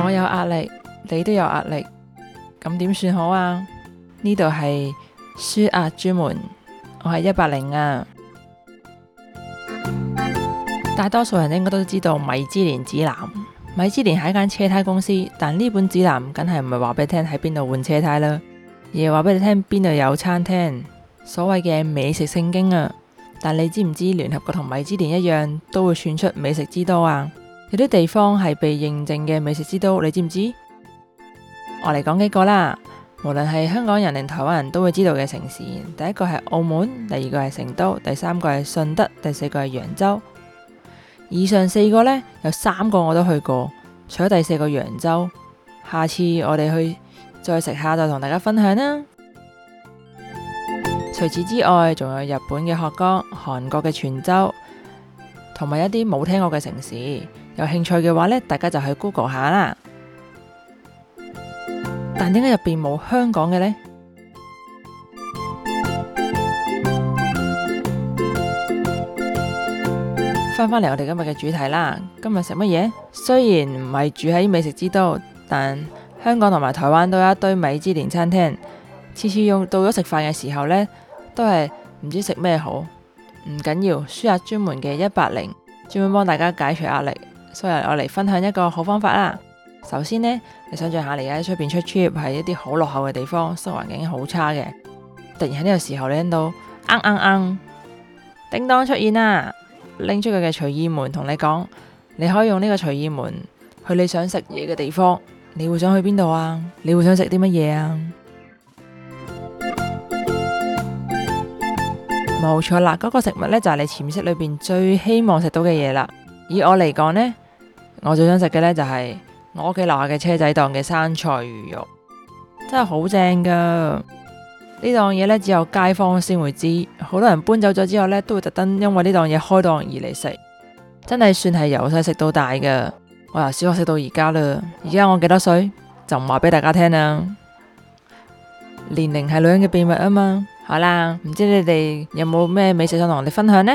我有壓力，你都有壓力，咁點算好啊？呢度係舒壓專門，我係一百零啊！大多數人都應該都知道米芝蓮指南，米芝蓮係一間車胎公司，但呢本指南梗係唔係話俾你聽喺邊度換車胎啦，而係話俾你聽邊度有餐廳。所謂嘅美食聖經啊，但你知唔知聯合國同米芝蓮一樣都會選出美食之都啊？有啲地方係被認證嘅美食之都，你知唔知？我嚟講幾個啦，無論係香港人定台灣人都會知道嘅城市，第一個係澳門，第二個係成都，第三個係順德，第四個係揚州。以上四個呢，有三個我都去過，除咗第四個是揚州，下次我哋去再食下，再同大家分享啦。除此之外，仲有日本嘅鶴岡、韓國嘅全州，同埋一啲冇聽過嘅城市。有興趣嘅話呢，大家就去 Google 下啦。但點解入邊冇香港嘅呢？返返嚟我哋今日嘅主題啦。今日食乜嘢？雖然唔係住喺美食之都，但香港同埋台灣都有一堆米芝蓮餐廳。次次用到咗食飯嘅時候呢。都係唔知食咩好，唔緊要，舒壓專門嘅一八零，專門幫大家解除壓力。所以，我嚟分享一個好方法啦。首先呢，你想象下，你而家喺出邊出 trip，係一啲好落後嘅地方，生活環境好差嘅。突然喺呢個時候，你聽到，啱啱啱，叮當出現啦，拎出佢嘅隨意門，同你講，你可以用呢個隨意門去你想食嘢嘅地方。你會想去邊度啊？你會想食啲乜嘢啊？冇錯啦，嗰個食物呢，就係你潛意識裏邊最希望食到嘅嘢啦。以我嚟講呢，我最想食嘅呢，就係我屋企樓下嘅車仔檔嘅生菜魚肉，真係好正噶！呢檔嘢呢，只有街坊先會知，好多人搬走咗之後呢，都會特登因為呢檔嘢開檔而嚟食，真係算係由細食到大噶。我由小學食到而家啦，而家我幾多歲？就唔話俾大家聽啦，年齡係女人嘅秘密啊嘛。好啦，唔知你哋有冇咩美食想同我哋分享呢？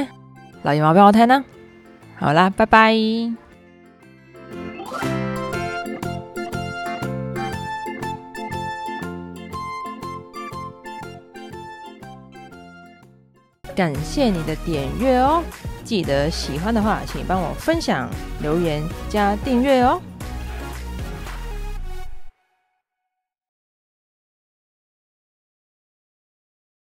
留言話俾我聽啦。好啦，拜拜。感謝你的點閱哦，記得喜歡的話，請幫我分享、留言加訂閱哦。